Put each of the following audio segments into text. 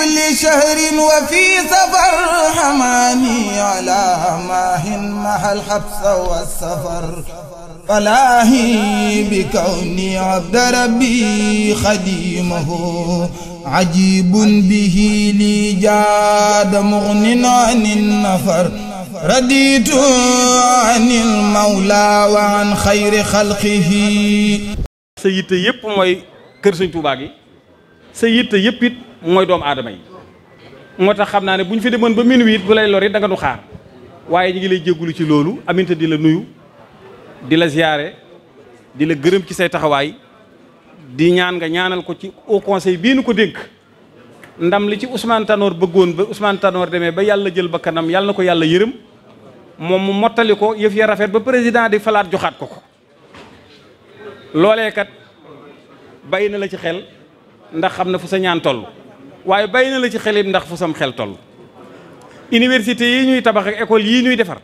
kulli shahrin wa fi safar xamaani ala maahin mahal xabsa wa safar falaahi bi kawni abda rabbi xadimahu ajibun bihi li jaada mugnin anin nafar raditu anil mawla wa an xayri xalqihi sa yitte yépp mooy kër Sëñ Tuubaa gi sa yitte yëpp it mooy doomu aadama yi moo tax xam naa ne bu ñu fi demoon ba minuit it bu lay lor it da nga nu xaar waaye ñu ngi lay jéggulu ci loolu aminte di la nuyu di la ziyaare di la gërëm ci say taxawaay di ñaan nga ñaanal ko ci au conseil bii nu ko dégg ndam li ci Ousmane Tanor bëggoon ba Ousmane Tanor demee ba yàlla jël ba kanam yàlla na ko yàlla yërëm moom mu mottali ko yëf ya rafet ba président di falaat joxaat ko ko loolee kat bàyyi na la ci xel ndax xam na fu sa ñaan toll waaye bàyyi na la ci xelim ndax fu sam xel toll université yi ñuy tabax ak école yii ñuy defar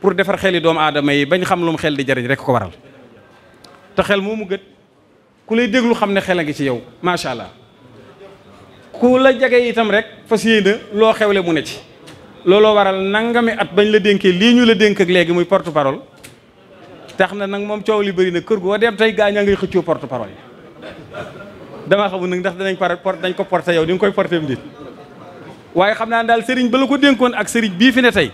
pour defar xeli doomu aadama yi bañ xam lu mu xel di jariñ rek ko waral te xel mu gët ku lay déglu xam ne xel a ngi ci yow macha allah ku la jege itam rek fas yéene loo xew le mu ne ci looloo waral nangami at bañ la dénkee lii ñu la dénk ak léegi muy porte parole tax na nag moom coow li bëri na kër gu wa dem tey gaañ a ngay xëccoo porte parole damaa xamul nag ndax danañ par dañ ko porté yow ni nga koy porté mu waaye xam naa daal sëriñ ba la ko dénkoon ak sëriñ bii fi ne tey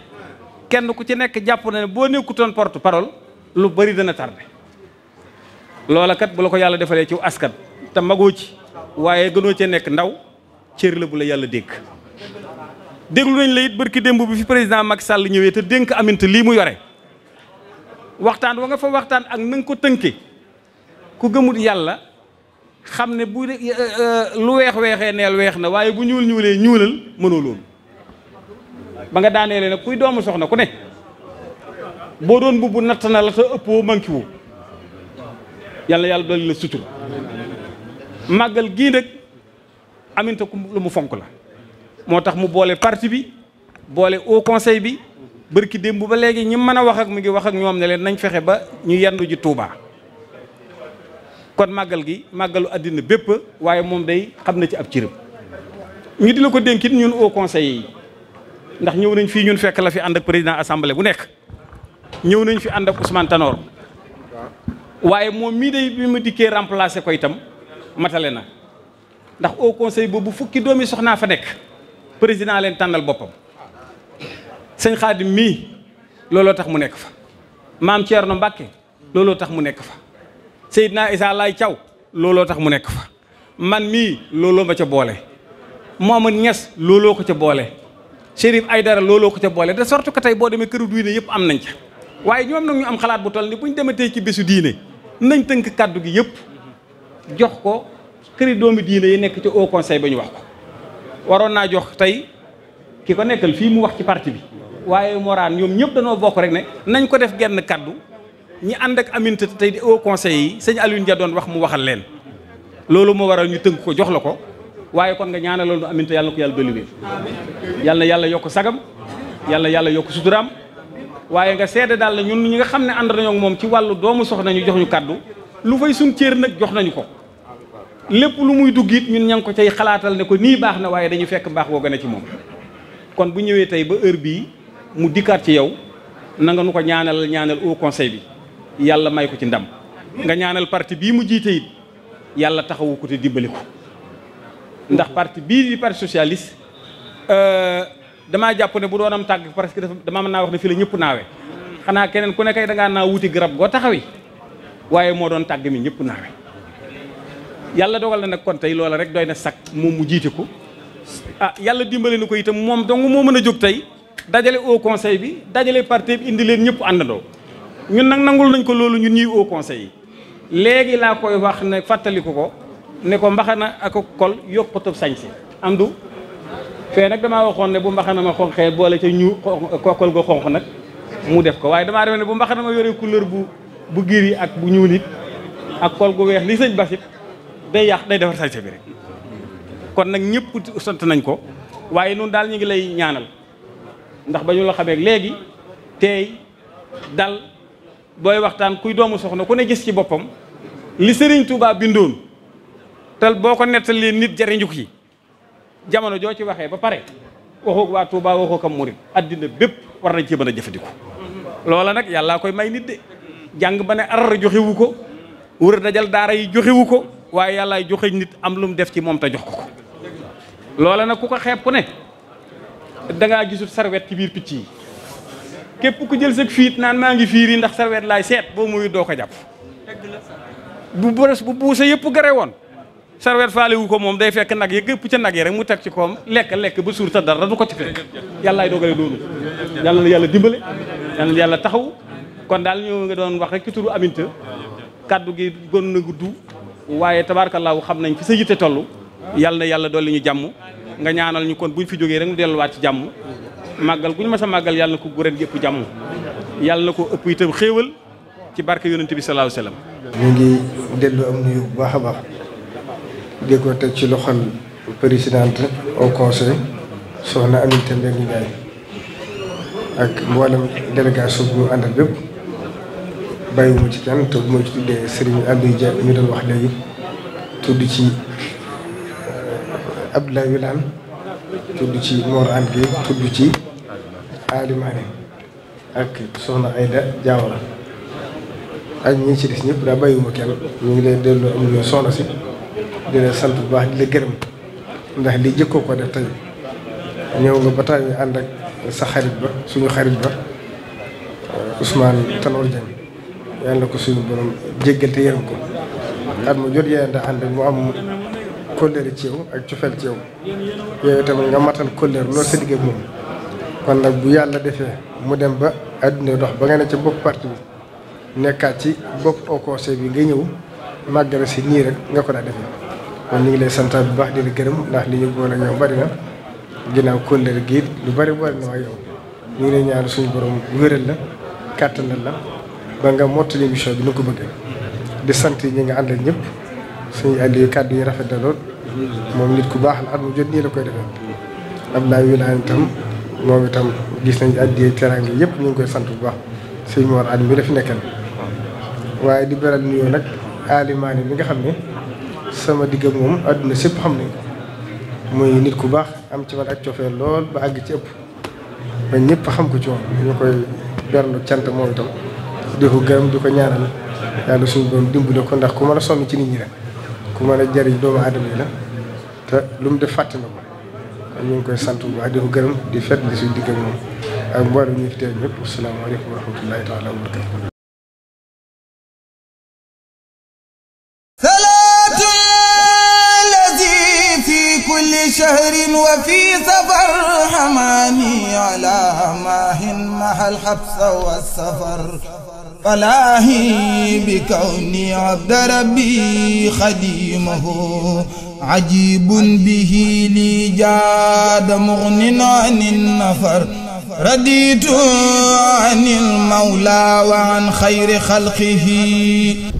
kenn ku ci nekk jàpp na ne boo nekkutoon porte parole lu bari dana tardé loola kat bu la ko yàlla defalee ci askan te magoo ci waaye gënoo cee nekk ndaw cër la bu la yàlla dénk déglu nañ la it barki démb bi fi président Macky Sall ñëwee te dénk aminte lii mu yore waxtaan wa nga fa waxtaan ak na ko tënke ku gëmut yàlla xam ne bu euh, lu weex weexee neel weex na waaye bu ñuul ñuulee ñuulal mënoo loolu ba nga daaneele nag kuy doomu soxna ku ne boo doon mbubb natt na la te ëppoo manki woo yàlla yàlla dolli la sutur màggal gii nag aminta ku lu mu fonk la moo tax mu boole parti bi boole au conseil bi bërki démb ba léegi ñi mën a wax ak mu ngi wax ak ñoom ne leen nañ fexe ba ñu yendu ji tuubaa kon màggal gi màggalu àddina bépp waaye moom day xam na ci ab cërëm ñu di la ko dénkit ñun au conseil yi ndax ñëw nañ fii ñun fekk la fi ànd ak président assemblée bu nekk ñëw nañ fi ànd ak Ousmane Tanor waaye moom mii day bi ma dikkee remplacé ko itam matale na ndax au conseil boobu fukki doomi soxnaa fa nekk président leen tànnal boppam sëñ Xaadim mii looloo tax mu nekk fa maam Thierno Mbacke looloo tax mu nekk fa Seydina Isa Laay Caw looloo tax mu nekk fa man mii looloo ma ca boole Mohamed Niass looloo ko ca boole ay dara looloo ko ca boole de sorte que tey boo demee këru diine yëpp am nañ ca waaye ñoom nag ñu am xalaat bu toll ni buñ dematee ci bésu diine nañ tënk kàddu gi yëpp jox ko këri doomi diine yi nekk ci haut conseil ba ñu wax ko waroon naa jox tey ki ko nekkal fii mu wax ci parti bi waaye Morane ñoom ñëpp danoo bokk rek ne nañ ko def genn kàddu ñi ànd ak Aminta tey di au conseil yi sëñ Alioune Dia doon wax mu waxal leen loolu moo waral ñu tënk ko jox la ko waaye kon nga ñaanaloon Aminta yàlla na ko yàlla dolli wér yàlla yàlla yokk sagam yàlla yàlla yokk suturaam waaye nga seede daal na ñun ñi nga xam ne ànd nañoo ak moom ci wàllu doomu soxna ñu jox ñu kàddu lu fay suñ cër nag jox nañu ko lépp lu muy dugg ñun ña ko cay xalaatal ne ko nii baax na waaye dañu fekk mbaax boo gën a ci moom kon bu ñëwee tey ba heure bii mu dikkaat ci yow na nu ko ñaanal ñaanal au conseil bi yàlla may ko ci ndam nga ñaanal parti bii mu jiite it yàlla taxawu ko te dimbali ko ndax parti bii di parti socialiste euh, damaa jàpp ne bu doon am tàgg parce que dafa damaa mën naa wax ne fii la ñëpp naawe xanaa keneen ku ne kay da naa wuti garab goo taxawi waaye moo doon tàgg mi ñëpp naawe yàlla dogal na nag kon tey loola rek doy na sak moom mu jiite ko ah yàlla dimbali na ko itam moom dong moo mën a jóg tey dajale au conseil bi dajale parti indi leen ñëpp àndandoo ñu nag nangul nañ ko loolu ñun ñuy au conseil yi léegi laa koy wax ne fàttaliku ko ne ko mbaxana ak kol yokkutub sañse am du fee nag damaa waxoon ne bu mbaxana ma xonqee boole ca ñu kookol ga xonq nag mu def ko waaye damaa defe ne bu mbaxana ma yore couleur bu bu giir yi ak bu ñuul it ak kol gu weex li sëñ basit day yàq day defar sañse bi rek kon nag ñëpp sant nañ ko waaye nun daal ñu ngi lay ñaanal ndax ba ñu xamee léegi tey dal booy waxtaan kuy doomu soxna ku ne gis ci boppam li Serigne tuubaa bindoon te boo ko nettalee nit jariñu yi jamono joo ci waxee ba pare waxoo waa Touba waxoo kam murit addina bépp war nañ cee mën a jëfandikoo. loola nag yàllaa koy may nit de jàng ba ne ar joxewu ko wër dajal daara yi joxewu ko waaye yàllaay joxe nit am lu mu def ci moom te jox ko ko loola nag ku ko xeeb ku ne dangaa gisul sarwet ci biir picc yi. képp ku jël sag fiit naan maa ngi fiir yi ndax sa wet laay seet boo muy doo ko jàpp bu bërës bu buusa yëpp gare woon sarwet faale wu ko moom day fekk nag yi képp ca nag yi rek mu teg ci koom lekk lekk ba suur ta dara du ko ci fekk yàllaay dogale loolu yàlla na yàlla dimbale yàlla na yàlla taxaw kon daal ñoo nga doon wax rek ci turu aminta kàddu gi gën na gudd waaye law xam nañ fi sa yitte toll yàlla yàlla dool dolli ñu jàmm nga ñaanal ñu kon buñ fi jógee rek ñu delluwaat ci jàmm màggal gu ñu mas a màggal yàlla na ko guréel gi ëpp jàmm yàlla na ko ëpp itam xéewal ci barke yonent bi salaahu salaam. mu ngi dellu am nuyu bu baax a baax di ko teg ci loxol présidente au conseil soxna Aminata Mbengue Ndiaye ak mboolem délégation bu ñu àndal bépp bàyyiwuma ci kenn te bu ma ci tuddee Serigne Aliou Dia ñu doon wax léegi tudd ci Abdoulaye Wilane tudd ci ci. alimaane ak soxna Ayda Jaawara ak ñi ci des ñëpp daa bàyyiwuma kenn ñu ngi leen delloo am ñoo soxna si di leen sant bu baax di la gërëm ndax li jëkkoo ko def tey ñëw nga ba taay ànd ak sa xarit ba suñu xarit ba Ousmane Tanor Dieng yàlla ko suñu borom jéggal te yërëm ko at mu jot yaay da ànd mu am kóllëre ci yow ak cofeel ci yow yooyu tamit nga matal kóllëre loolu sa digg moom kon nag bu yàlla defee mu dem ba àdduna dox ba nga ne ca bopp parti bi nekkaat ci bopp au conseil bi nga ñëw màggara si nii rek nga ko daa defee kon ñu ngi lay santaat bu baax di la gërëm ndax li ñu boole ak yow bari na ginnaaw kóllëre gi lu bari bari na yow ñu ngi lay ñaan suñu borom wéral la kàttanal la ba nga mottali émission bi ni ko bëggee di sant ñi nga àndal ñëpp suñu àll yu kàddu yi rafet na lool moom nit ku baax la at mu jot nii la koy defee Abdoulaye Wilane tam moom itam gis nañ addiyee teraange yëpp ñu ngi koy sant bu baax sëñ Mor at bi dafa nekkal waaye di beral nuyoo nag alimaani mi nga xam ne sama digg moom adduna sépp xam nañ ko muy nit ku baax am ci man ak cofee lool ba àgg ci ëpp ba ñëpp xam ko ci moom ñu koy berlu cant moom itam di ko gërëm di ko ñaanal yàlla suñu doon dimbale ko ndax ku man a sonn ci nit ñi la ku mën a jariñ doomu aadama yi la te lu mu def fàtte na ko ñu ngi koy sant bu baax di ko gërëm di fekk di suñu digg ak moom ak mboolem ñu fi teew ñëpp asalaamaaleykum wa rahmatullahi taala wa barakatuh شهر وفي سفر حماني على ماهن مع الحبس والسفر falaahi bi kawni abd rabbi xadimahu ajibun bihi li jaada mugnin anin nafar raditu anil mawla wa an xayri xalqihi